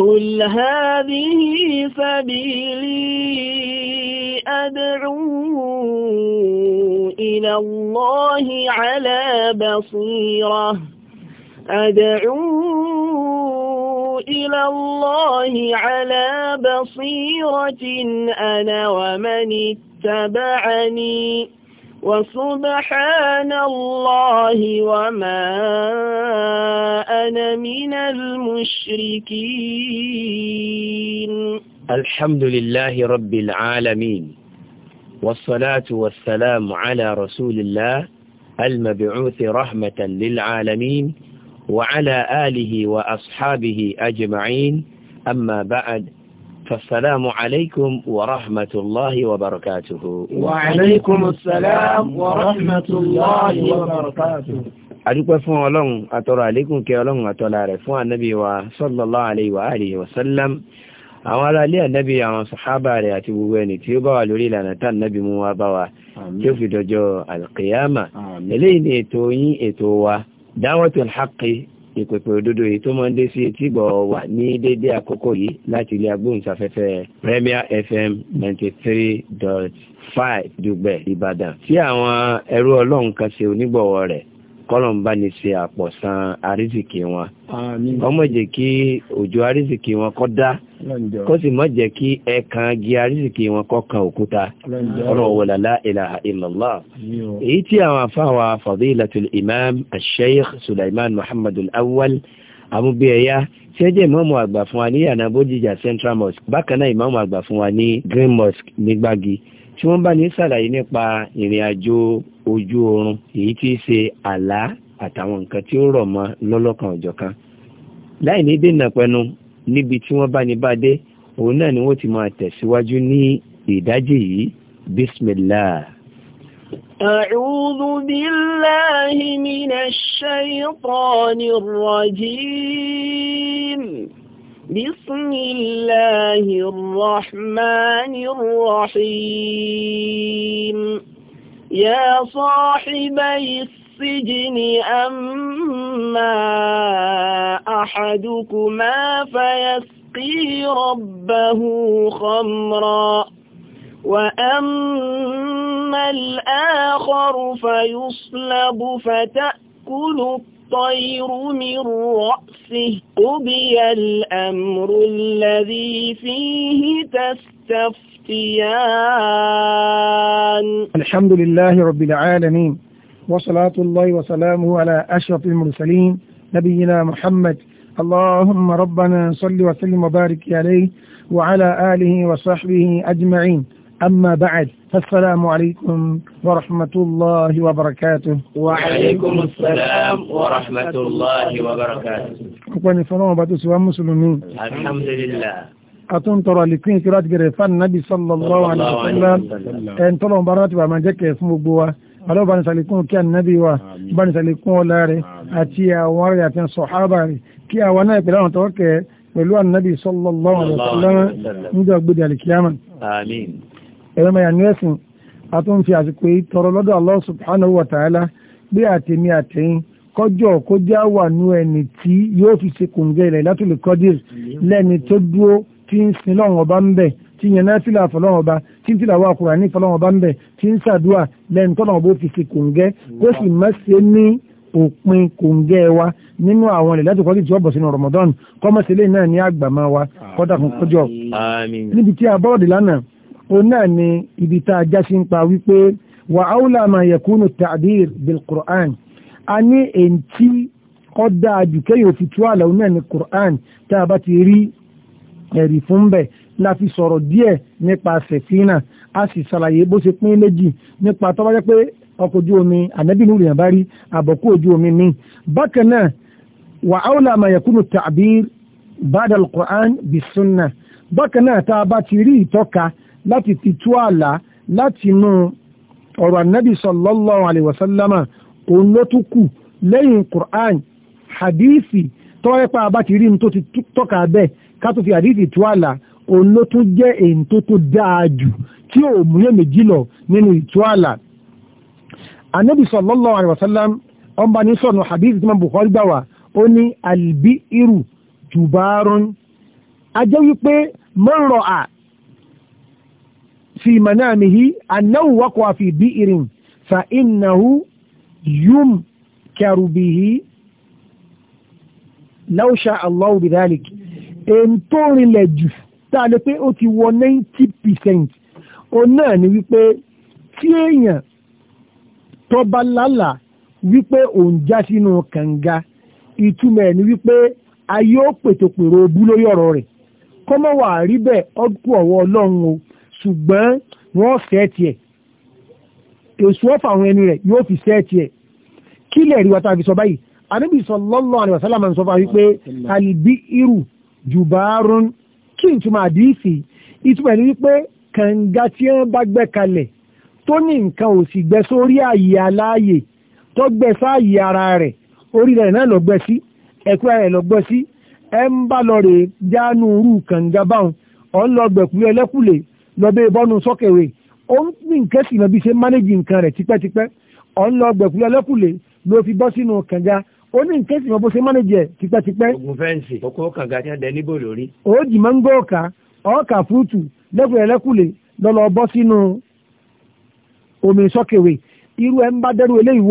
قل هذه سبيلي أدعو إلى الله على بصيرة أدعو إلى الله على بصيرة أنا ومن اتبعني وسبحان الله وما أنا من المشركين الحمد لله رب العالمين والصلاة والسلام على رسول الله المبعوث رحمة للعالمين وعلى آله وأصحابه أجمعين أما بعد فالسلام عليكم ورحمة الله وبركاته وعليكم السلام ورحمة الله وبركاته adúpẹ́ fún ọlọ́run àtọrọ àlékún kẹ ọlọ́run àtọ́lá rẹ̀ fún ànábì wa sallallahu alaihi wa alihi wa sallam àwọn ará ilé ànábì àwọn sàhábà rẹ̀ àti gbogbo ẹni tí ó bá wà lórí ìlànà tá ànábì mú wá bá wa tí ó fi dọjọ́ alqiyama eléyìí ni ètò yín ètò wa dáwọ́tul haqqi ìpèpè òdodo yìí tó máa ń dé sí etí ìgbọ̀ wà ní dédé àkókò yìí láti ilé agbóhùnsáfẹ́fẹ́ Premier FM ninety three dot five Dùgbẹ̀ Ìbàdàn tí àwọn ẹrú Ọlọ́run kan ṣe onígbọ̀wọ́ rẹ̀ kọ́lọ̀n bá ní ṣe àpọ̀sán àrísìkì wọn ọmọ jẹ́ kí òjò àrísìkì wọn kọ́ dá kó sì mọ́ jẹ́ kí ẹ̀kan gí àrísìkì wọn kọ́ kan òkúta ọ̀rọ̀ wọlà la ilaha illallah èyí tí àwọn afáwà fadilatul imam sheikh suleiman muhammadul awwal amúgbéẹ̀yá tí ó ìmọ̀mù àgbà fún wa ní yànà bójìjà central mosque bákan náà ìmọ̀mù àgbà fún wa ní green mosque nígbàgì tí wọ́n bá ní sàlàyé nípa ìrìn àjò ojú oorun èyí tí í ṣe àlá àtàwọn nǹkan tí ó rọ̀ mọ́ lọ́lọ́kan ọ̀jọ̀kan láì ní dènà pẹnu níbi tí wọ́n bá ní bá dé òun náà ni wọ́n ti máa tẹ̀síwájú ní ìdájì yìí bismillah. أعوذ بالله من الشيطان الرجيم بسم الله الرحمن الرحيم يا صاحبي السجن أما أحدكما فيسقي ربه خمرا وأما الآخر فيصلب فتأكل الطعام الطير من رأسه قبي الأمر الذي فيه تستفتيان الحمد لله رب العالمين وصلاة الله وسلامه على أشرف المرسلين نبينا محمد اللهم ربنا صل وسلم وبارك عليه وعلى آله وصحبه أجمعين أما بعد فالسلام عليكم ورحمة الله وبركاته وعليكم السلام ورحمة الله وبركاته أكواني فنوة باتوسوا مسلمين الحمد لله atún tọrọ àlékún ìkírá ti gẹ̀rẹ̀ fún nàbí sallallahu alaihi wasallam ẹn tọ́lọ̀ bára ti wà máa jẹ́kẹ̀ fún gbogbo wa alọ́ bá ní sàlékún kí a nàbí wa bá ní sàlékún ọlá rẹ̀ àti àwọn ará àti sọ̀hábà rẹ̀ kí àwọn náà ìpẹ̀lẹ̀ àwọn tọ́kẹ̀ pẹ̀lú ànàbí sallallahu alaihi wasallam níjọ́ gbogbo àlìkíyàmà. Àmín ẹ̀rọ mẹ́yà ní ẹ̀sìn àtúnfi àsìkò yìí tọrọ lọ́dọ̀ Allah subhanahu wa ta'ala bí àtẹ̀mí àtẹ̀yìn kọjọ́ kọjá wà nú ẹni tí yóò fi ṣe kòǹgẹ́ ilẹ̀ látòlè kọ́dìr lẹ́ni tó dúró tí ń sin lọ́wọ́n ọba ń bẹ̀ tí yẹn náà sílà fọlọ́wọ́n ọba tí ń sílà wà kúrà ní fọlọ́wọ́n ọba ń bẹ̀ tí ń sàdúà lẹ́ni tọ́lọ́wọ́n bó fi ṣe kòǹgẹ́ kó sì má ṣe ní òpin kòǹgẹ́ wa nínú àwọn ilẹ̀ láti kọ́lì tí wọ́n bọ̀ sínú Ramadan kọ́mọ́sílẹ̀ náà ní àgbàmọ́ wa kọ́dà kan kọjọ́ níbi tí a bọ́ọ̀dì lánàá òun náà ni ibi tá a jásí ń pa wípé wà áwùlà máa yẹkúnù ta'dir bil Qur'an a ní èyí tí ó dáa jù kéyò fi tú àlà òun náà ni Qur'an tá a bá ti rí ẹ̀rí fún bẹ̀ la fi sọ̀rọ̀ díẹ̀ nípa sẹ̀fínà a sì ṣàlàyé bó ṣe pín méjì nípa tó bá jẹ́ pé ọkọ̀ ojú omi ànábì ní ìrìnàbá rí àbọ̀kú ojú omi ní bákan náà wà áwùlà máa yẹkúnù ta'dir ba'da al-Qur'an bis sunnah bákan náà tá a bá ti rí ìtọ́ka láti fi tú àlá láti inú ọ̀rọ̀ ànábì sallallahu alaihi wasallama òun ló tún kù lẹ́yìn Qur'an hadithi tọ́wọ́ ẹ̀pá bá ti rí ní tó ti tọ́ka bẹ́ẹ̀ ká tó fi hadithi tú àlá òun ló tún jẹ́ èyí tó tó dáa jù tí ò múyẹ́ méjì lọ nínú ìtú àlá ànábì sallallahu alaihi wasallam ọmọ ní sọ̀nà hadithi tí wọ́n Bukhari gbà wá ó ní albi iru jubarun a jẹ́ wípé mọ́rọ̀ à fi manamihi annahu waqa fi bi'rin fa innahu yum karubihi law sha Allah bidhalik en tori leju ta le pe o ti wo 90% o naa ni wi pe ti eyan to ba lala wi pe o n ja sinu kanga itume ni wi pe ayo petopero obu lo yoro re ko wa ri be ogbu owo ọlọrun ṣùgbọ́n wọ́n sẹ́ẹ̀tì ẹ̀ èṣù ọ̀fà àwọn ẹni rẹ̀ yóò fi sẹ́ẹ̀tì ẹ̀ kí lẹ̀ rí wata fi sọ báyìí anábì sallallahu alaihi wasallam sọ fà wípé àlìbí irù jùbárún kí n túmọ̀ àdìsí ìtumọ̀ ní wípé kànga tí wọ́n bá gbẹ́ kalẹ̀ tó ní nǹkan ò sì gbẹ sórí ààyè aláàyè tó gbẹ sáàyè ara rẹ̀ orí rẹ̀ náà lọ sí ẹ̀kú rẹ̀ lọ sí ẹ ń bá lọ rè jánu rú kànga báwọn ọ̀ ń lọ gbẹ̀kú ẹlẹ́kùlé lọ́bẹ̀ bọ́nu sọ́kẹ̀wé ó ń ní nǹkan sì mọ̀ bí ṣe mánéjì nǹkan rẹ̀ tipẹ́tipẹ́ ọ̀ ń lọ gbẹ̀kúlẹ̀ lọ́kùlẹ̀ ló fi bọ́ sínú kànga ó ní nǹkan sì mọ̀ ṣe mánéjì ẹ̀ tipẹ́tipẹ́. ogun fẹ́ǹsì kànga ti dẹ níbò lórí. omi sọ́kẹ̀wé irú ẹ̀ ń bá dẹ́rù eléyìí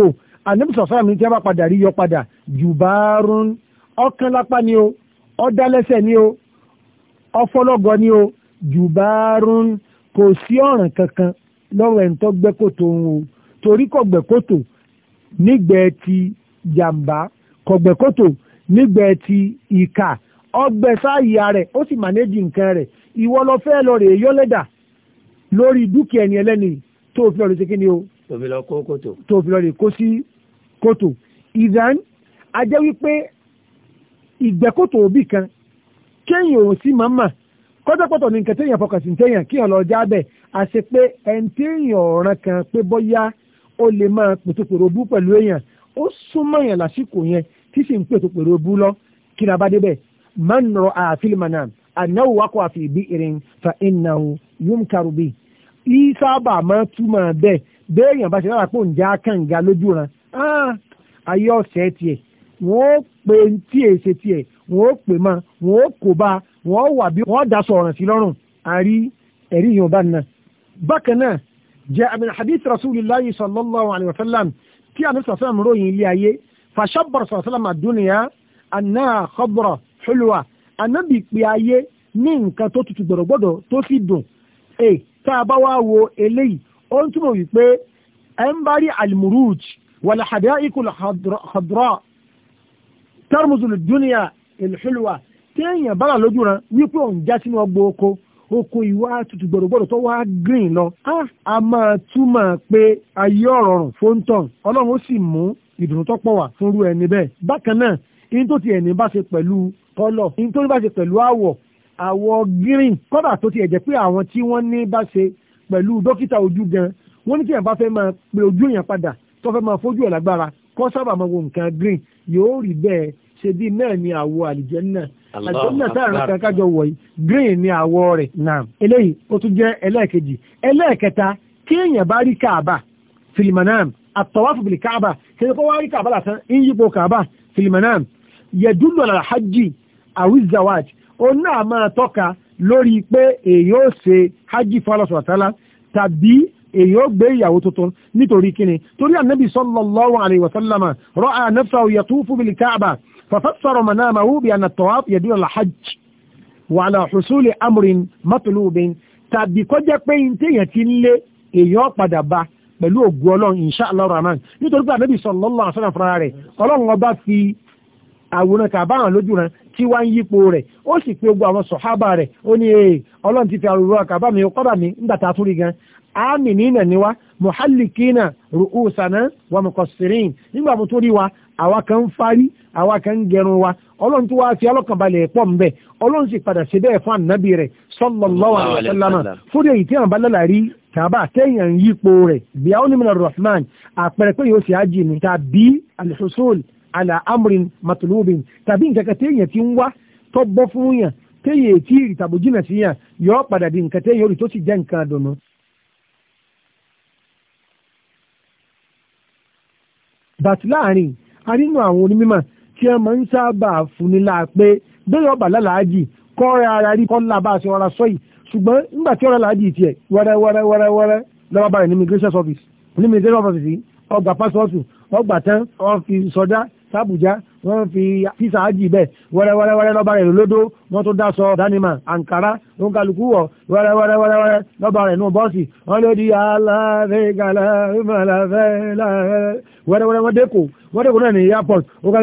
wò jùbárún kò sí ọ̀ràn kankan lọ́rọ̀ ẹni tó gbẹ́ kòtò òun o torí kò gbẹ́ kòtò nígbẹ́ ti jàǹbá kò gbẹ́ kòtò nígbẹ́ ti ìkà ọgbẹ́ sáàyà rẹ̀ ó sì mànéjì nǹkan rẹ̀ ìwọ lọ fẹ́ lọ rèé yọ́lẹ́dà lórí dúkìá ẹni ẹlẹ́ni tó fi lọ́ọ́ rèé sékíní o tó fi lọ́ọ́ kó kòtò tó fi lọ́ọ́ rèé kó sí kòtò ìdán ajẹ́ wípé ìgbẹ́kòtò òbí kan kéèyàn ò sí màmá kọ́tọ́kọ́tọ̀ ní nǹkan téèyàn fọkàn sí téèyàn kí èèyàn lọ já bẹ̀ àṣẹ pé ẹni tí èèyàn ọ̀ràn kan pé bóyá ó lè máa pètòpèrò bú pẹ̀lú èèyàn ó súnmọ́ èèyàn lásìkò yẹn tí sì ń pètòpèrò bú lọ kí ni a bá máa ń nọrọ àfílì mànà ànáwó wákọ̀ àfi ìbí irin fa ìnáwó yóò kárò bí. ìsáàbà máa túmọ̀ bẹ́ẹ̀ béèyàn bá ṣe lára pò ń já kànga lójú ran ayé ọ̀sẹ̀ tiẹ̀ wọ́n ó pè tí èsè tiẹ̀ wọ́n ó pè mọ́ wọ́n ó kó bá a wọ́n wà bí wọ́n daṣọ ọ̀ràn sí lọ́rùn àrí ẹ̀rí yóò bá nà. bákan náà jẹ́ àmìn hadith rasulillahi sallallahu alayhi wa sallam tí àmì sàfẹ́m ròyìn ilé ayé fàṣàbọ̀rọ̀ sàfẹ́m àdúnìyà àná àkọ́bọ̀rọ̀ hulwa ànábì pé ayé ní nǹkan tó tutù gbọ̀dọ̀gbọ̀dọ̀ tó sì dùn. ẹ tá a bá wá wo eléyìí ó ń túmọ̀ wípé ẹ ń bá rí almuruj wàlá hadaiqul khadra tí èèyàn bára lójú ran wípé òun já sínú ọgbọ oko oko ìwà tutù gbọdọgbọdọ tó wá green lọ a máa túmọ̀ pé ayé ọ̀rọ̀ rùn fóńtọ̀n ọlọ́run ó sì mú ìdùnnú tó pọ̀ wá fúnrú ẹni bẹ́ẹ̀ bákan náà in tó ti ẹ̀ní bá ṣe pẹ̀lú kọ́lọ̀ in tó ní bá ṣe pẹ̀lú àwọ̀ àwọ̀ green kọ́dà tó ti ẹ̀jẹ̀ pé àwọn tí wọ́n ní bá ṣe pẹ̀lú dókítà ojú gan wọ́n ní tí ẹ̀ bá fẹ́ máa pe green yóò rí bẹ́ẹ̀ ṣe bí náà ni àwọ̀ àlìjẹ́ àjọ́nà sáàrùn kankájọ wọ̀nyí green ni àwọ̀ rẹ̀ náà eléyìí ó tún jẹ́ ẹlẹ́ẹ̀kejì ẹlẹ́ẹ̀kẹta kí èèyàn bá rí káàbà filimanam àtọwáfù bìlì káàbà kí ẹni kó wá rí káàbà lásán ń yípo káàbà filimanam yẹdúlọ lára hajj awizawaj ó náà máa tọ́ka lórí pé èèyàn ó ṣe hajj fọlọ́sọ̀ àtàlá tàbí èèyàn ó gbé ìyàwó tuntun nítorí kíni torí ànábì sallallahu alaihi wasallama rọ́ ànáfà òyàtúfù bìlì káàbà ففسر منامه بأن الطواف يدل على الحج وعلى حصول أمر مطلوب tàbí kó jẹ́ pé téèyàn ti ń lé èèyàn padà bá pẹ̀lú ògùn ọlọ́run insha Allah rahman nítorí pé ànábì sallallahu alaihi wasallam fúnra rẹ̀ ọlọ́run ọba fi ti fi àwòrán mi kọ́dà mi nígbà tá a tún ni wá muhallikina ru'usana wa muqassirin mo wa àwa kan ń fárí àwa kan ń gẹrun wa ọlọ́run tó wáá fi ọlọ́kànbalẹ̀ pọ̀ ń bẹ̀ ọlọ́run sì padà ṣe bẹ́ẹ̀ fún ànábì rẹ̀ sallallahu alaihi wasallam fún èyí tí àwọn balẹ̀ rí kàbá téèyàn ń yípo rẹ̀ bí àwọn onímọ̀ rahman àpẹẹrẹ pé yóò ṣe ájì ni tàbí alhusul ala amrin matulubin tàbí nǹkan téèyàn ti ń wá tó bọ́ fún yàn téèyàn tí ìtàbù sí yàn yóò padà di nǹkan téèyàn orí tó sì jẹ́ nǹkan àdùnnú. bàtí láàrin a nínú àwọn onímọ̀ tí wọ́n máa ń sábà fúnilá pé bẹ́ẹ̀ ọba lálàájì kọ́ ara rí kọ́ lábá àti ọ̀rá sọ́yì ṣùgbọ́n nígbà tí ọ̀rá làájì tiẹ̀ wẹ́rẹ́ wẹ́rẹ́ wẹ́rẹ́ wẹ́rẹ́ lọ́wọ́ báyìí ní immigration service ní immigration service ọgbà passport ọgbà tán ọfi sọdá sàbùjá wọ́n fi físà ájì bẹ́ẹ̀ wẹ́rẹ́wẹ́rẹ́wẹ́rẹ́ lọ́ba rẹ̀ lódó wọ́n tó dáṣọ dánimà àǹkárá ló ń kálukú wọ̀ wẹ́rẹ́wẹ́rẹ́wẹ́rẹ́ lọ́ba rẹ̀ nù bọ́ọ̀sì wọ́n ló di aláàrẹ́gàlà ìmọ̀láfẹ́ wẹ́rẹ́wẹ́rẹ́ wọ́n dẹ́kọ̀ wọ́n dẹ́kọ̀ náà ní airport ó ká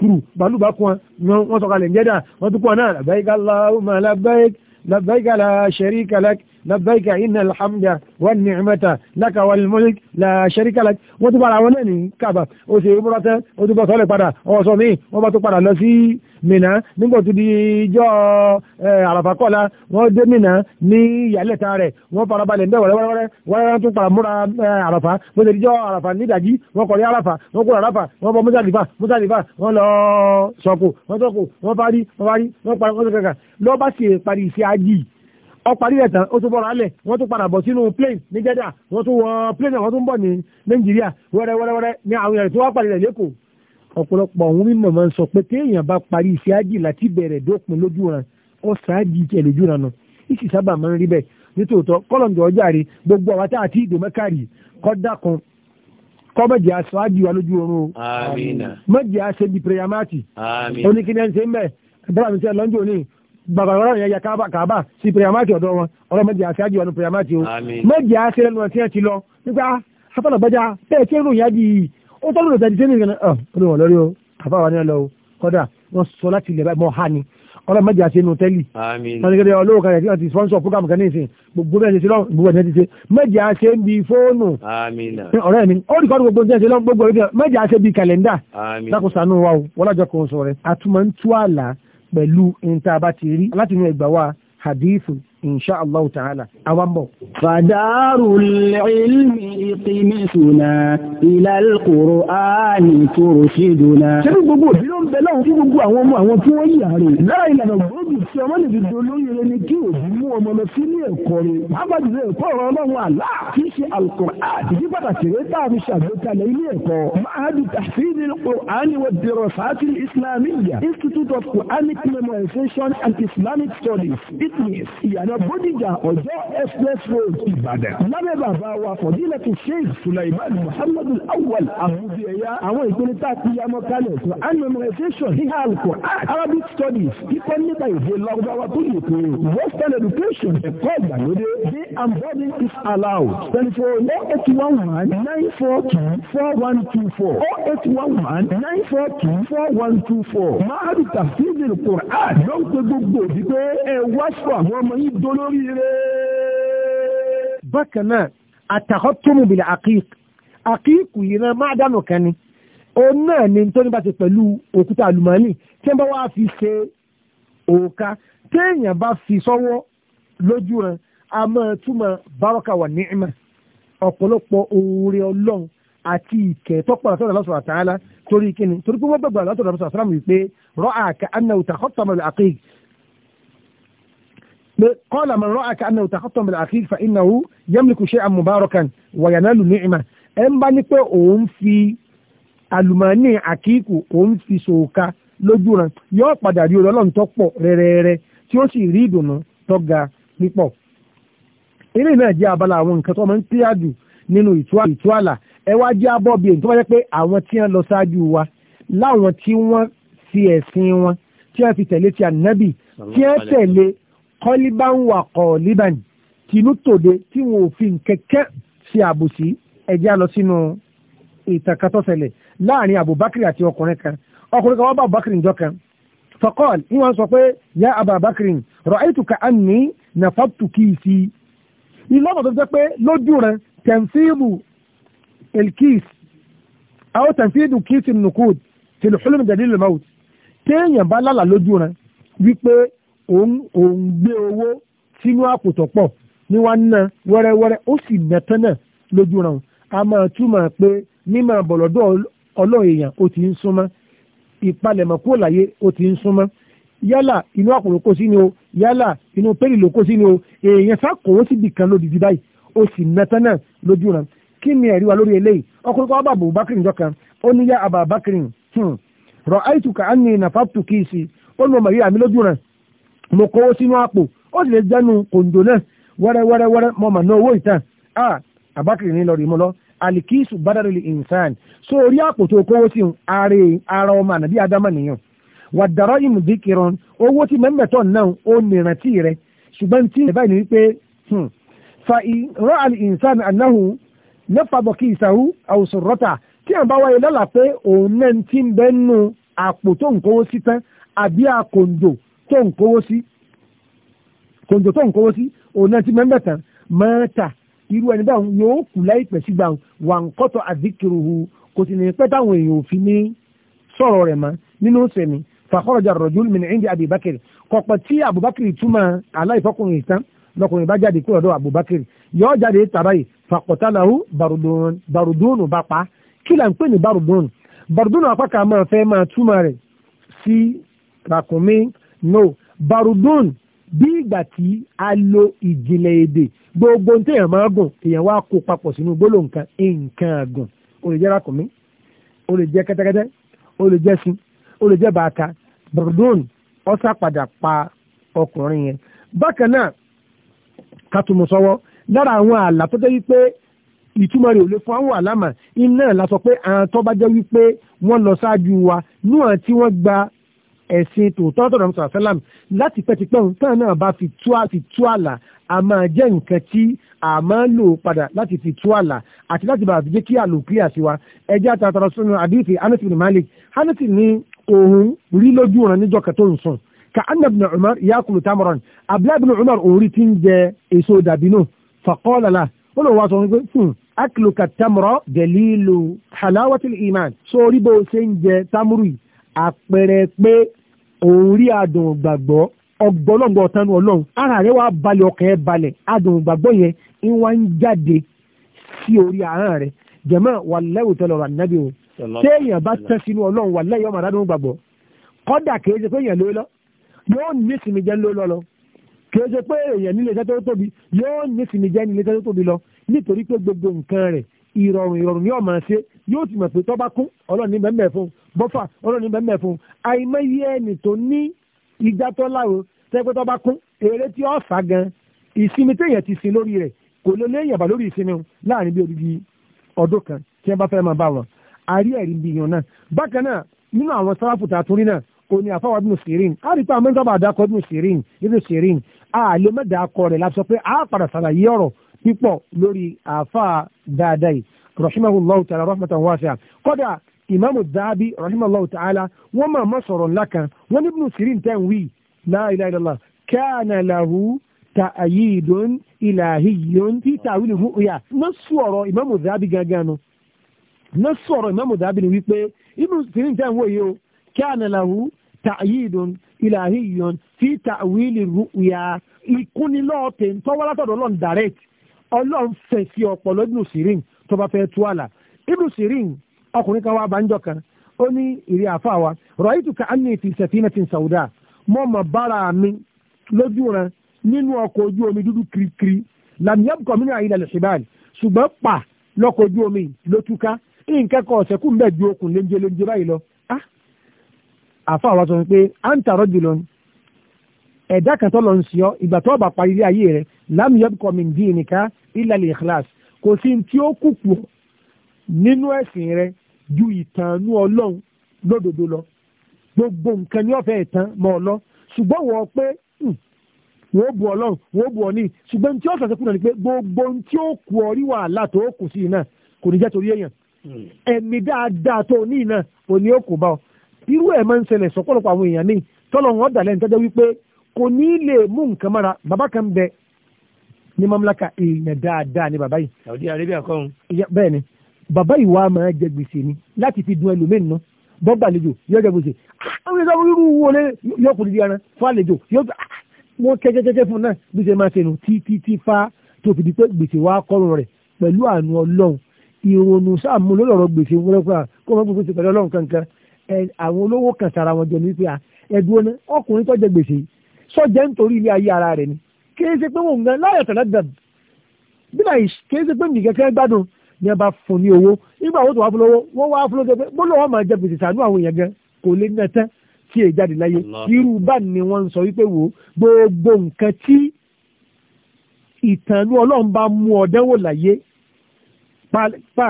kuru bàálù bá kún wọn wọ́n sọ̀kalẹ̀ ń jẹ́dà wọ́n tún kún wọn náà labbaik Allahumma labbaik labbaik la sharika lak labbaika inna alhamda wa ni'mata laka wal mulk la sharika lak wọ́n tó bára wọn náà ní kàbà ó sì rúbúrọ́ tẹ́ ó tó bọ́ sọ́lẹ̀ padà ọ̀sọ̀ mi wọ́n bá tó padà lọ sí mìnà nígbà tó di ijọ́ àràfàkọ́lá wọ́n dé mìnà ní ìyálẹ̀ta rẹ̀ wọ́n farabalẹ̀ ń bẹ̀ wẹ́rẹ́wẹ́rẹ́ wẹ́rẹ́ tó para múra àràfà bó ṣe dijọ́ àràfà nídàjí wọ́n kọ̀rí àràfà wọ́n kúrò àràfà wọ́n bọ́ mọ́sálífà mọ́sálífà wọ́n lọ sọ̀kù wọ́n sọ̀kù wọ́n parí wọ́n parí wọ́n parí wọ́n sọ̀kù lọ́ bá sì parí iṣẹ́ ají ó parí rẹ̀ tán ó tún bọ́ra alẹ̀ wọ́n tún padà bọ̀ sínú plane ní jẹ́dà wọ́n tún wọ plane náà wọ́n tún bọ̀ ní nàìjíríà wẹ́rẹ́wẹ́rẹ́wẹ́rẹ́ ní àwọn èèyàn tó wá parí rẹ̀ lẹ́kọ̀ọ́ ọ̀pọ̀lọpọ̀ àwọn mímọ̀ máa ń sọ pé téèyàn bá parí iṣẹ́ ájì láti bẹ̀rẹ̀ dópin lójú ran ó ṣáájì tiẹ̀ lójú ran nù ìsì sábà máa ń rí bẹ́ẹ̀ nítòótọ́ kọ́lọ̀ǹdù ọjọ́ àrí gbogbo àwọn tá àti ìdòmẹ́kàrí kọ́dà kan kọ́mọ̀jì aṣọ ájì wa lójú oorun o mọ̀jì aṣọ ibi pírẹ́yàmáàtì oníkíní ẹ̀ ń ṣe ń bẹ̀ bọ́lá mi sẹ́ lọ́njọ́ ní bàbàrà yẹn ya kàbà sí pìrìàmáàtì ọ̀dọ́ wọn ọlọ́mọdé àti àjọ ọ̀nà pìrìàmáàtì o méjì á ṣe lẹ́nu ọ̀tí ẹ̀ ti lọ nígbà afọ́nàbọ́já bẹ́ẹ̀ tí èrò yẹn di ó tọ́lú rẹ̀ tẹ̀síṣẹ́ nìkan ọ̀ ó lọ́wọ́ lórí o kàbà wà ní ọlọ́ o kọ́dà wọ́n sọ láti ilẹ̀ báyìí mọ́ ha ni ọlọ́mọdé àti ẹnu tẹ́lì ọlọ́gẹ́dẹ́ olówó kan yẹn ti sponsor program kan níìsín gbogbo bẹ́ẹ̀ ṣe ṣe lọ́wọ́ gbogbo ẹ̀ ti ṣe méjì á ṣe ń bi fóònù ọ̀rẹ́ mi ó rí kọ́dù gbogbo ṣe ṣe lọ́wọ́ gbogbo ẹ̀ méjì á ṣe bi kàlẹ́ndà lákòóso àánú wa pẹ̀lú ìntàbátì rí látinú ẹgbàá wa hadithu insha Allah ta'ala awambo fadarul ilmi iqimisuna ila alquran turshiduna ṣé gbogbo òbí ló ń bẹ lọ́wọ́ fún gbogbo àwọn ọmọ àwọn tí wọ́n yà rè lára ìlànà gbòógì tí ọmọ lè fi dolóyè rẹ ni kí òbí mú ọmọ lọ sí ní ẹ̀kọ́ rẹ pàápàá jùlọ ẹ̀kọ́ ọ̀rọ̀ ọlọ́run àlá kì í ṣe alquran ìdí pàtàkì rẹ tá a fi ṣàgbékalẹ̀ ilé ẹ̀kọ́ máa dùn tàfíìdì القرآن والدراسات الإسلامية Institute of Quranic Memorization and Islamic Studies. It means ìyànà Bódìjà ọjọ́ express road Ìbàdàn. Lábẹ́ bàbá wa fọ̀dílẹ̀ ti Sheikh Sulaiman Muhammadu Awal Ahudi ẹ̀yà. Àwọn ìpele tá a ti ya mọ́ kalẹ̀ sọ anonymization híhá àlùkò Arabic studies kíkọ́ nípa ìdè lọ́gbàwá tó yẹ pé Western education ẹ̀kọ́ ìgbàlódé day and boarding is allowed. Twenty-four, oh eight one one nine four two four one two four oh eight one one nine four two four one two four. Máa dùtà fíìlì Kùrán ló ń pe gbogbo òbí pé ẹ wá sọ àwọn ọmọ yìí dolórí rẹ̀. bákan náà àtàkọ́tùmù bìlà àkíkù àkíkù yìí náà máa dànù kan ni òun náà ni tó ní bá ti pẹ̀lú òkúta àlùmọ́nì tí wọ́n wá fi ṣe òòka téèyàn bá fi sọ́wọ́ lójú rẹ̀ a máa túmọ̀ bárọ́kà wà ní ìmọ̀ ọ̀pọ̀lọpọ̀ oore ọlọ́run àti ìkẹ́ tọ́pọ̀ àtọ́nà lọ́sọ̀rọ̀ àtàlá lọ́sọ̀rọ̀ àtàlá mi pé قال من رأك أنه تخطم بالأخير فإنه يملك شيئا مباركا وينال نعمة ẹn bá ní pé òun fi àlùmọ́ọ́nì àkíkù òun fi ṣòòka lójú ràn yóò padà rí ọlọ́run tó pọ̀ rẹ́rẹ́rẹ́ tí ó sì rí ìdùnnú tó ga pípọ̀. eré náà jẹ́ abala àwọn nǹkan tó máa ń tíyà jù nínú ìtú àlà ẹ wá jẹ́ abọ́ bíi èyí tó bá jẹ́ pé àwọn tí wọ́n lọ ṣáájú wa láwọn tí wọ́n fi ẹ̀sìn wọn tí wọ́n fi tẹ̀lé ti ànábì tí wọ́n tẹ̀lé kọ́líbá ń wà kọ́ líbàní tìǹú tòde tí wọn ò fi nkẹ́kẹ́ ṣe àbòsí ẹ̀já lọ sínú ìtàkàtọ́sẹ̀lẹ̀ láàrin Abubakar àti ọkùnrin kan ọkùnrin kan wọ́n bá Abubakar njọ́ kan faqal ní wọ́n sọ pé yá Abubakar ra'aytuka anni nafadtu kiisi ìlọ́mọ̀ tó jẹ́ pé lójú rẹ̀ tẹ̀ǹfìlù elkis àwọn tẹ̀ǹfìlù kiisi nukud tìlùfúlùmù jẹ̀dílùmọ́t téèyàn bá lálà lójú rẹ̀ wípé òun gbé owó sínú àpò tó pọ̀ ní wá ná wẹ́rẹ́wẹ́rẹ́ ó sì nẹ̀tán lójú ra a máa túmọ̀ pé mímọ̀ bọ̀lọ́dọ̀ ọlọ́ ó ti ń súnmọ́ ìpalẹ̀mọ̀ kúrò láyé ó ti ń súnmọ́ yálà inú àpò kó sí ni o yálà inú pẹ́ẹ́lì ló kó sí ni o èèyàn sákòó síbi kan lódìdí báyìí ó sì nẹ̀tán náà lójú ra kí ni ẹ̀rí wa lórí eléyìí ọkùnrin kan bá Abubakar jọ kan ó ní yá Abubakar rọ̀ àìtùkà á ní nàfàtù kìí sí ó ní ọmọ yìí àmì lójú rẹ̀ mo kówó sínú àpò ó sì lè jẹ́nu kòǹdò náà wẹ́rẹ́wẹ́rẹ́wẹ́rẹ́ mo mà ná owó ìtàn àbákìrì ní lọ́rọ̀ ìmọ̀lọ́ alikisu badarili insan so orí àpò tó kówó sí ààrẹ ara ọmọ ànàbí adama nìyàn wàdàrọ ìmùdíkìrán owó tí mẹ́mẹ́tọ̀ náà ó nìrántí rẹ̀ ṣùgbọ́n tí ìbáyìí ni wípé hmm, fa ìrọ́ alìsàn anáhùn lẹ́fàbọ̀ kí ìsàwú àwòsànrọ́ta tí à bá wáyé lọ́la pé òun náà ti ń bẹ́ẹ̀ nù àpò tó ń kówó sí tán àbí àkòǹdò tó ń kówó sí kòǹjò tó ń kówó sí òun náà ti máa ń bẹ̀ tán máa tà irú ẹni báwọn yóò kù láìpẹ́ sígbà wà ń kọ́tọ̀ àdìkìrùhù kò sì ní pẹ́ táwọn èèyàn ò fi ní sọ̀rọ̀ rẹ̀ mọ́ nínú sẹ̀mí fàkọ́rọ̀jà rọ̀jú mi ní indi abubakar kọ̀pọ̀ tí abubakar túmọ̀ aláìfọkùnrin ìtàn lọkùnrin bá jáde kúrò lọ́dọ̀ abubakar yóò jáde tàbá yìí fàkọ̀tàláhù no barudun bí ìgbà tí a lo ìjìnlẹ̀ èdè gbogbo ní èèyàn máa gùn èèyàn wá kó papọ̀ sínú gbólóhùn kan nǹkan àgùn o lè jẹ́ rákùnmí o lè jẹ́ kẹ́tẹ́kẹ́tẹ́ o lè jẹ́ sin o lè jẹ́ bàtà barudun ọ̀sà padà pa ọkùnrin yẹn bákan náà kàtùmùsọ́wọ́ lára àwọn àlà tó jẹ́ wípé ìtumọ̀ rẹ̀ ò lè fún àwọn àlámà iná la pé àwọn bá jẹ́ wípé wọ́n lọ ṣáájú wa níwọ̀n tí wọ́n gba ẹ̀sìn tòótọ́ tọ̀rọ̀ mùsùlùmí sàlám láti pẹ́tipẹ́ òun tán náà bá fi tú àti tú àlà a máa jẹ́ nǹkan tí a máa ń lò padà láti fi tú àlà àti láti bá àbíjẹ́ kí àlòkíyà sí wa ẹjẹ́ àtàtàrọ̀ sínú àdìsí Anas Malik Anas ní òun rí lójú ọ̀ràn níjọ́ kẹtó ń ka anna bin Umar yakulu tamaran abdullahi bin Umar òun rí ti ń jẹ èso dàbínú faqala la ó lọ wá sọ wọn pé hmm, aklu ka tamra dalilu halawatil iman sórí bó ṣe ń jẹ tamuru yìí àpẹẹrẹ òun rí adùn gbàgbọ́ ọgbọ́n ọlọ́ngbọ́n ọ̀tánú ọlọ́run ara rẹ̀ wá balẹ̀ ọkàn ẹ̀ balẹ̀ adùn gbàgbọ́ yẹn ń wá ń jáde sí orí ahọ́n rẹ̀ jẹ̀mọ́ wàlẹ́ òtẹ́ lọ́rọ̀ ànábì o ṣé èèyàn bá tẹ́ sínú ọlọ́run wàlẹ́ yọ màdá dùn gbàgbọ́ kọ́dà kìí ṣe pé èèyàn ló lọ yóò ní ìsinmi jẹ́ ló lọ kìí ṣe pé èèyàn nílé iṣẹ́ tó tóbi yóò ní ìsinmi jẹ́ nílé iṣẹ́ tó tóbi lọ nítorí pé gbogbo nǹkan rẹ̀ ìrọ̀rùn ìrọ̀rùn yóò máa ṣe yóò ti mọ̀ pé tọ́ bá kún ọlọ́run ní bẹ́ẹ̀ fún bọ́fà ọlọ́run ní bẹ́ẹ̀ fún àìmọye ẹni tó ní ìjà tó láwo tẹ́gbẹ́ tọ́ bá kún èrè tí ó fà gan ìsinmi téèyàn ti sin lórí rẹ̀ kò ló léèyàn bá lórí ìsinmi láàrin bí odidi ọdún kan tí wọ́n bá fẹ́ máa bá wọn àrí ẹ̀rí bí yan náà bákan náà nínú àwọn sáráfù tá a tún rí náà kò ní àfáwọn ibùn sirin a rí pé àwọn mẹ́ta bá dákọ̀ ibùn sirin ibùn sirin a lè mẹ́ta akọ rẹ̀ láti sọ pé a padà ṣàlàyé ọ̀rọ̀ pípọ̀ lórí àáfàá dáadáa yìí rahimahullahu ta'ala rahmatan wasi'a kódà ìmáàmù dábí rahimahullahu ta'ala wọ́n máa ma sọ̀rọ̀ ńlá kan wọ́n ní ibn sirin tẹ́ ń wí la ilaha illallah kana lahu ta'yidun ilahiyyun fi ta'wil ru'ya náà sọ̀rọ̀ ìmáàmù dábí gangan nu náà sọ̀rọ̀ ìmáàmù dábí ni wípé ibn sirin tẹ́ ń wò yìí o kana lahu ta'yidun ilahiyyun fi ta'wil ru'ya ìkúnilọ́ọ̀tẹ̀ ń tọ́wọ́látọ̀dọ̀ ọlọ́run direct ọlọ́run fẹ̀ sí ọ̀pọ̀ lọ́dún sirin tó bá fẹ́ tú àlà ibnu sirin ọkùnrin kan wá banjọ kan ó ní ìrì àfa wa rọ̀yìtù ka anni fi safinatin sauda mọ́ mọ̀ bára mi lójú ran nínú ọkọ̀ ojú omi dúdú kirikiri làmìyàbùkọ̀ mi ní àyílẹ̀ al ṣùgbọ́n pa lọ́kọ̀ ojú omi ló túká nǹkan kan ọ̀sẹ̀ kú mbẹ́ ju okùn léńjé léńjé báyìí lọ. Ah! àfa wa sọ pé à ń tàrọ́ jùlọ ẹ̀dá kan tó lọ ń sọ ìgbà tó bá parí ilé ayé rẹ̀ làmìyàbùkọ̀ mi dì nìkan illa al-ikhlas kò sí tí ó kù nínú ẹ̀sìn rẹ ju ìtànú ọlọ́run lódodo lọ gbogbo nǹkan ni ọ̀fẹ́ ìtàn mọ́ ọ lọ ṣùgbọ́n wọ́n pé hmm, wọ́n bu ọlọ́run wọ́n bu ọ ní ṣùgbọ́n tí ó sọ̀tẹ́ kùnà ni pé gbogbo tí ó kù ọ rí wàhálà tó kù sí iná kò ní jẹ́ torí èèyàn hmm. ẹ̀mí dáadáa tó ní iná ní ó kù bá ọ irú ẹ̀ máa ń ṣẹlẹ̀ sọ́pọ̀lọpọ̀ àwọn èèyàn ní wọn dàlẹ́ ní ní mamlaka èèyàn dáadáa ni bàbá yìí. Saudi Arabia kọ́ bẹ́ẹ̀ ni bàbá yìí wá máa jẹ gbèsè ni láti fi dun ẹlòmíín nù bọ́gbàlejò yóò jẹ gbèsè àwọn ìjọba irú wo lé yóò kùn di ẹran fún àlejò yóò ah, wọn kẹkẹkẹkẹ fún náà bí ṣe máa ṣẹnu tí tí tí fa tó fi di pé gbèsè wa kọrùn rẹ pẹ̀lú àánú Ọlọ́run ìrònú sáàmù lọ́rọ̀ gbèsè wọlọpàá ah, kó wọn gbèsè pẹ̀lú Ọlọ́run kankan àwọn olówó kan sara wọn jẹ ní pé ah, ẹdùn ọkùnrin tó jẹ gbèsè sọjẹ nítorí ilé ayé kìí ṣe pé wọn gan láyọ̀ tẹ̀lé dàbí bílà kìí ṣe pé mi kẹ́kẹ́ gbádùn ni ẹ bá fún ní owó nígbà wo tó wá fún lọ́wọ́ wọ́n wá fún lọ́jọ́ bó lọ́wọ́ máa jẹ gbèsè sànú àwọn èèyàn gan kò lè ná tán tí èè jáde láyé irú bá ni wọ́n ń sọ wípé wò gbogbo nǹkan tí ìtànú ọlọ́run bá mú ọ̀dẹ́wò láyé pa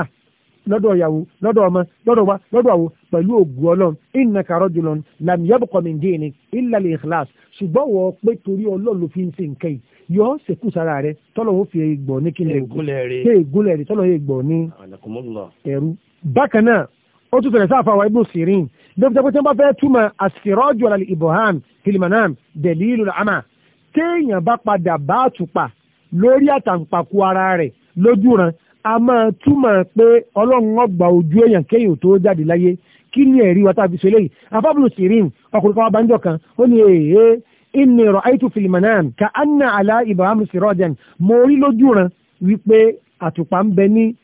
lọ́dọ̀ ìyàwó lọ́dọ̀ ọmọ lọ́dọ̀ wa lọ́dọ̀ àwo pẹ̀lú ògùn ọlọ́run ìnàkàrọ̀ jùlọ làmìyàbùkọ̀mìndínlẹ̀ ìlàlẹ̀ ìkìláàsì ṣùgbọ́n wọ́n pé torí ọlọ́run ló fi ń ṣe nǹkan yìí yọ ọ́ sẹ́kù sára rẹ tọ́lọ̀ ó fi gbọ̀ ní kí n lè tọ́lọ̀ yóò gbọ̀ ní ẹ̀rú. bákan náà ó tún fẹ̀rẹ̀ sáà fáwọn ibùn sirin bẹ́ẹ̀ pẹ́ tí wọ́n bá fẹ́ túmọ̀ àṣìrọ́jù alali ibrahim filimanam delilu ama téèyàn bá padà bá àtùpà lórí àtàǹpàkù ara rẹ̀ lójú ran a máa túmọ̀ pé ọlọ́run ọgbà ojú èèyàn kéèyàn tó jáde láyé kí sirin ọkùnrin kan wá inni ra'aytu fil manam ka anna ala ibrahim sirajan mo rí lójú ran wípé àtùpà ń bẹ ní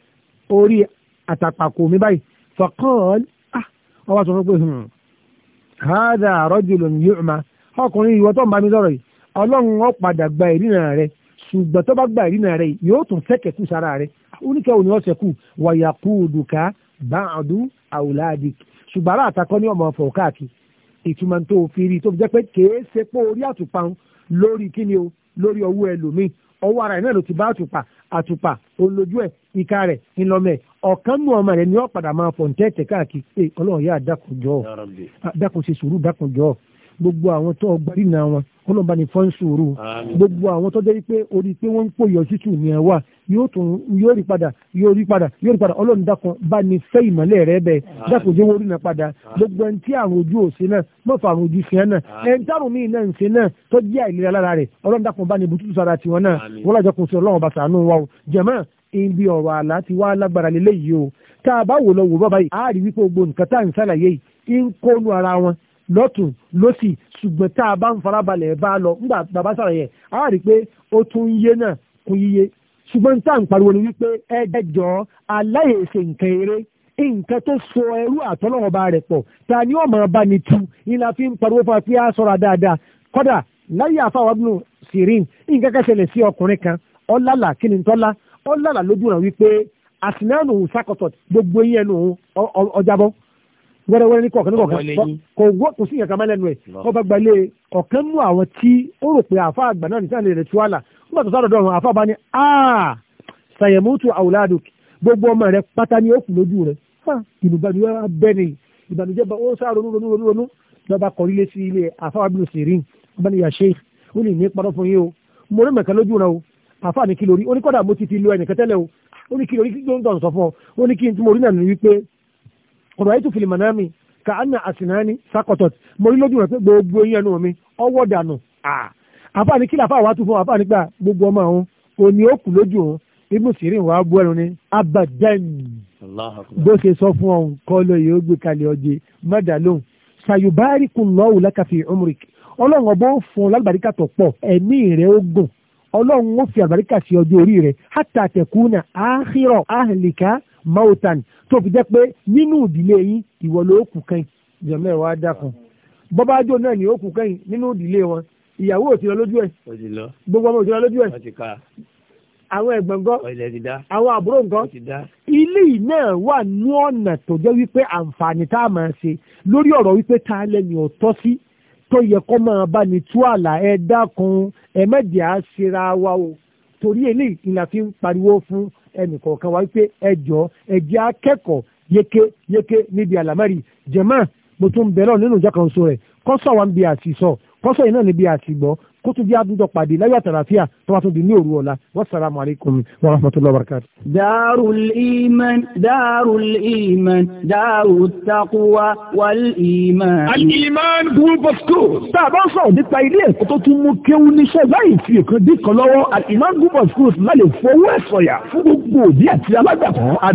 orí mi ah wọ́n wá sọ fún na hmm, hadha rajulun yu'ma ọkùnrin ìwọ tó ń bá mi sọ̀rọ̀ yìí ọlọ́run ó padà gba ìrìnà rẹ ṣùgbọ́n tó bá gba ìrìnà rẹ yóò tún sara re rẹ oníkẹ́ òní ọ̀sẹ̀ ìtumọ̀ tó fi rí tó fi jẹ́ pé kèé ṣe pé orí àtùpà ń lórí kíni o lórí ọwọ́ ẹlòmíì ọwọ́ ara ẹ̀ náà ló ti bá àtùpà àtùpà olójú ẹ̀ ìka rẹ̀ ńlọmẹ̀ ọ̀kan nù ọmọ rẹ̀ ni ó padà máa fọ̀ǹtẹ́ẹ̀tẹ̀ káàkiri ọlọ́run yà dákun jọ dákun ṣe sùúrù dákun jọ gbogbo àwọn tó gbàdínà wọn kọ́nà bá ní fọ́n sùúrù gbogbo àwọn tó jẹ́ pé orí pé wọ́n ń pò yọ sí tù ní ẹ wà yóò tún yóò rí padà yóò rí padà yóò rí padà ọlọ́run dákan bá ní fẹ́ ìmọ̀lẹ́ rẹ bẹ́ẹ̀ dákun jẹ́ wọ́n náà padà gbogbo ẹni tí àrùn ojú òsè náà mọ̀fà àrùn ojú sẹ́ náà ẹni tárùn míì náà ń ṣe náà tó jẹ́ àìlera lára rẹ̀ ọlọ́run dákan bá ní bututu sára tiwọn náà wọ́n lájọ kùn sí ọlọ́run bá ṣàánú wa o jẹ̀mọ́ ibi ọ̀rọ̀ àlá ti wá lágbára lélẹ́yìí o tá a bá lọ́tún lọ́sì ṣùgbọ́n tá a bá ń farabalẹ̀ bá a lọ nígbà bàbá sàrẹ̀yẹ a rí i pé ó tún yé náà kún yíyé ṣùgbọ́n tá à ń pariwo ni wípé ẹgbẹ́jọ́ aláìṣe nǹkan eré nǹkan tó so ẹrú àtọ́lọ́wọ́ba rẹ̀ pọ̀ ta ni ọmọ bá ni tu ìlà fi ń pariwo fún apíyá sọ̀rọ̀ dáadáa kódà láyé àfàwọ́bùnú sirin nǹkan kan ṣẹlẹ̀ sí ọkùnrin kan ọ̀làlà kí ni tọ́lá ọ̀làlà lójú rẹ̀ wípé àsìnáà nù sákọ̀tọ̀ gbogbo eyín ẹnu ọjàbọ̀ wẹ́rẹ́wẹ́rẹ́ ní kọ̀ọ̀kan ní kọ̀ọ̀kan kò wọ́ kò sí ìyàkà mẹ́lẹ́nu ẹ̀ ọba gbalẹ̀ e. ọ̀kan mú àwọn tí ó rò pé àfa àgbà náà nìkan lè rẹ̀ tú àlà nígbà tó sáré dọ̀rùn àfa bá ní a sàyẹ̀mútu àwòládò gbogbo ọmọ rẹ̀ pátá ní òkú lójú rẹ̀ ìbànújẹ́ abẹ́ni ìbànújẹ́ bá ó sáré ronú ronú ronú lọ́ba kọ̀ ilé sí ilé àfa wa bínú sèré ọba ní yàṣẹ ó ní ní parọ́ fún yín o mo rí mẹ̀kẹ́ lójú rẹ o àfa ní kí lórí ó mo ti ti lo ẹnìkẹ́tẹ́lẹ̀ o ó ní kí lórí kí ló sọ fún ọ ó ní kí n tí mo rí náà wípé ọ̀rọ̀ ayétu fìlì mọ̀nàmì ká àna àsìnáni sákọ̀tọ̀t mo rí lójú rẹ̀ pé gbogbo eyín ẹnu mi ọwọ́ dànù àfáà ní kílà fáwọn àtúfọ̀ àfáà nígbà ah, gbogbo ọmọ òun òní ó kù lójú òun ibùn sírí wàá bú ẹrù ni abadan bó ṣe sọ fún ọ̀hún kọ́ lóye ó gbé kalẹ̀ ọjẹ́ mẹ́dà lóhùn sayubari kun lọ́wọ́ lákàfi ọlọ́run ọbọ̀ fún lálùbáríkà tó pọ̀ ẹ̀mí rẹ̀ ó gùn ọlọ́run ó fi àlùbáríkà sí ọjọ́ orí rẹ̀ hátà tẹ̀kúnà áhírọ̀ áhìlìkà mautan tó fi jẹ́ pé nínú ìdílé yín ìwọ ló kù kẹ́yìn jọ̀mọ́ ẹ̀ wá dákun bọ́bá jò náà ni ó kù kẹ́yìn nínú ìdílé wọn ìyàwó ò ti lọ lójú ẹ̀ gbogbo ọmọ ò ti lọ lójú ẹ̀ àwọn ẹ̀gbọ́n gan àwọn àbúrò gan ilé náà wà ní ọ̀nà tó jẹ́ wípé àǹfààní tá a máa ṣe lórí ọ̀rọ̀ wípé ta lẹ́ni ọ̀tọ́ sí tó yẹ kó máa bá ní tú àlà ẹ dákun ẹ ṣera wa o torí eléyìí la fi ń pariwo fún ẹnì kọ̀ọ̀kan wa wípé ẹ jọ ẹ jẹ́ akẹ́kọ̀ọ́ yeke yeke níbi àlámẹ́rì jẹ̀mọ́ mo tún bẹ̀rẹ̀ nínú ìjọ kan so rẹ̀ kọ́sọ̀ wa ń bi àti kọ́sọ̀ yìí náà níbi àti gbọ́ kó tún jẹ́ àdújọ pàdé láyé àtàràfíà tó wá tún di ní òru ọ̀la wassalamu alaikum wa rahmatullahi wa barakatuh. darul iman darul iman darut taqwa wal iman. al iman group of tá a bá ń sọ̀rọ̀ nípa ilé ẹ̀kọ́ tó tún mú kéwú níṣẹ́ láì fi èkan dín kan lọ́wọ́ al iman group of má lè fowó ẹ̀sọ̀yà fún gbogbo òbí àti alágbàtọ́